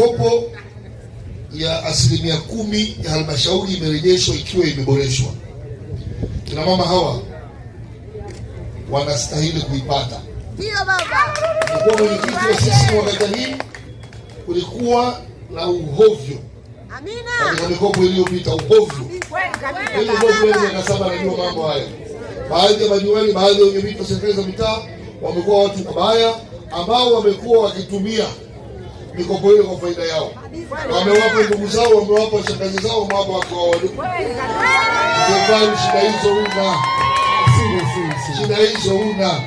mikopo ya asilimia kumi ya halmashauri imerejeshwa ikiwa imeboreshwa. Kina mama hawa wanastahili kuipata. Kuwa mwenyekiti wa sisi wa hii, kulikuwa na uhovyo katika mikopo iliyopita, uhovyo nasaba. Najua mambo haya, baadhi ya majuani baadhi ya wenyeviti wa serikali za mitaa wamekuwa watu wabaya ambao wamekuwa wakitumia mikopo hiyo kwa faida yao. Wamewapa ndugu zao, wamewapa shangazi zao, mama wako wa wadudu. shida hizo una shida hizo una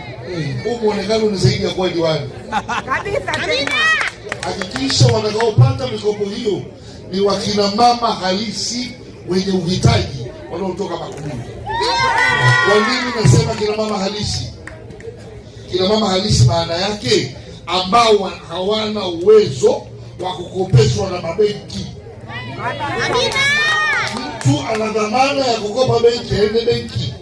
huu mwonekano ni zaidi ya kuwa diwani. Hakikisha watakaopata mikopo hiyo ni wakina mama halisi wenye uhitaji wanaotoka makundi. Kwa nini nasema kina mama halisi? Kina mama halisi maana yake ambao hawana uwezo wa kukopeshwa na mabenki. Mtu ana dhamana ya kukopa benki, aende benki.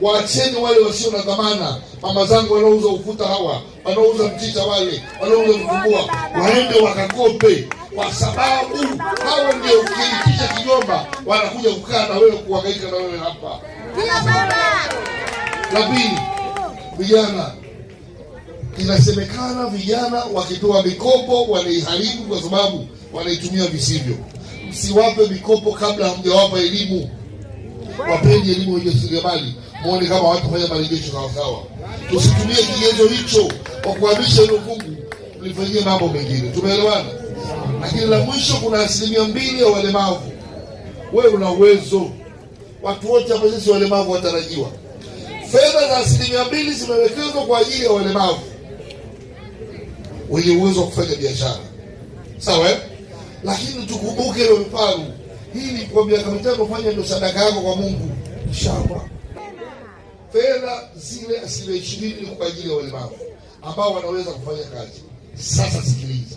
Waacheni wale wasio na dhamana, mama zangu wanaouza ufuta hawa, wanaouza mchicha wale, wanaouza mkumbua, waende wakakope, kwa sababu hao ndio ukiitisha kijomba wanakuja kukaa na wewe, kuhangaika na wewe hapa. La pili, vijana Inasemekana vijana wakitoa mikopo wanaiharibu kwa sababu wanaitumia visivyo. Msiwape mikopo kabla hamjawapa elimu. Wapeni elimu ya ujasiriamali, mwone kama watu fanya marejesho sawasawa. Tusitumie kigezo hicho kwa kuhamisha hilo fungu mlifanyie mambo mengine. Tumeelewana? Lakini la mwisho, kuna asilimia mbili ya walemavu. Wewe una uwezo, watu wote hapa sisi walemavu watarajiwa. Fedha za asilimia mbili zimewekezwa kwa ajili ya walemavu wenye uwezo wa kufanya biashara sawa eh? Lakini tukumbuke ile mfano hii ni kwa miaka mitano, fanya ndio sadaka yako kwa Mungu inshallah. Fedha zile asilimia ishirini ni kwa ajili ya walemavu ambao wanaweza kufanya kazi. Sasa sikiliza,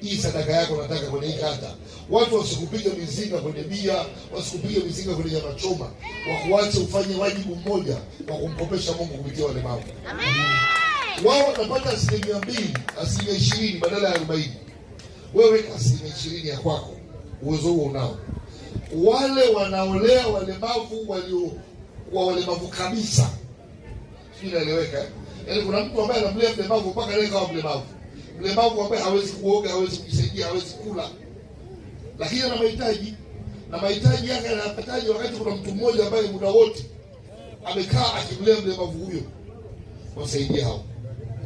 hii sadaka yako nataka kwenye hii kata watu wasikupiga mizinga kwenye bia, wasikupiga mizinga kwenye nyama choma, wakuache ufanye wajibu mmoja wa kumkopesha Mungu kupitia walemavu. Amen wao watapata asilimia mbili, asilimia ishirini badala ya arobaini. Wewe weka asilimia ishirini ya kwako, uwezo huo unao. Wale wanaolea walemavu walio wa walemavu kabisa, sijui inaeleweka. Eh? Yaani kuna mtu ambaye anamlea mlemavu mpaka leo kawa mlemavu, mlemavu ambaye hawezi kuoga, hawezi kujisaidia, hawezi kula, lakini ana mahitaji na mahitaji yake anayapataje? Wakati kuna mtu mmoja ambaye muda wote amekaa akimlea mlemavu huyo, wasaidia hao.